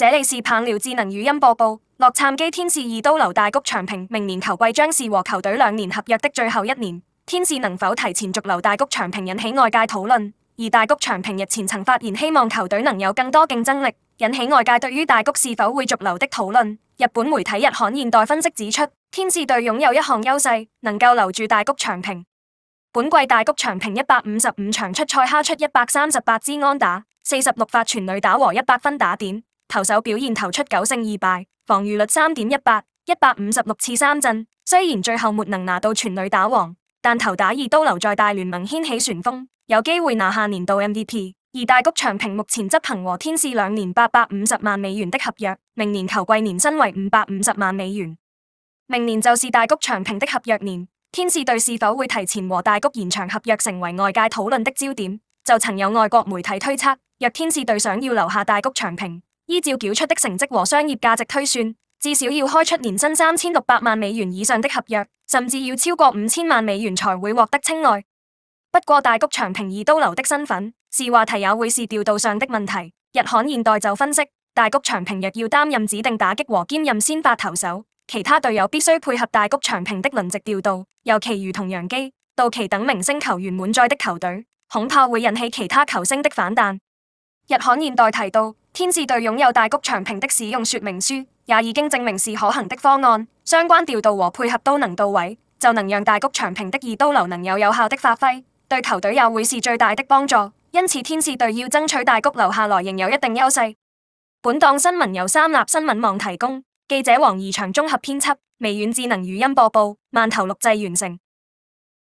這裡是棒聊智能語音播報。洛杉磯天使二刀流大谷翔平明年球季將是和球隊兩年合約的最後一年，天使能否提前續留大谷翔平引起外界討論。而大谷翔平日前曾發言希望球隊能有更多競爭力，引起外界對於大谷是否會續留的討論。日本媒體日刊現代分析指出，天使隊擁有一項優勢，能夠留住大谷翔平。本季大谷翔平一百五十五場出賽，敲出一百三十八支安打，四十六發全壘打和一百分打點。投手表現投出九勝二敗，防禦率三點一八，一百五十六次三振。雖然最後沒能拿到全壘打王，但投打二刀流在大聯盟掀起旋風，有機會拿下年度 MVP。而大谷翔平目前執行和天使兩年八百五十萬美元的合約，明年球季年薪為五百五十萬美元。明年就是大谷翔平的合約年，天使隊是否會提前和大谷延長合約，成為外界討論的焦點。就曾有外國媒體推測，若天使隊想要留下大谷翔平。依照繳出的成績和商業價值推算，至少要開出年薪三千六百萬美元以上的合約，甚至要超過五千萬美元才會獲得青睞。不過，大谷翔平二刀流的身份是話題，也會是調度上的問題。日刊現代就分析，大谷翔平若要擔任指定打擊和兼任先發投手，其他隊友必須配合大谷翔平的輪值調度，尤其如同楊基、道奇等明星球員滿載的球隊，恐怕會引起其他球星的反彈。日刊現代提到。天使隊擁有大谷翔平的使用說明書，也已經證明是可行的方案，相關調度和配合都能到位，就能讓大谷翔平的二刀流能有有效的發揮，對球隊也會是最大的幫助。因此，天使隊要爭取大谷留下來，仍有一定優勢。本檔新聞由三立新聞網提供，記者王怡翔綜合編輯，微軟智能語音播報，慢頭錄製完成。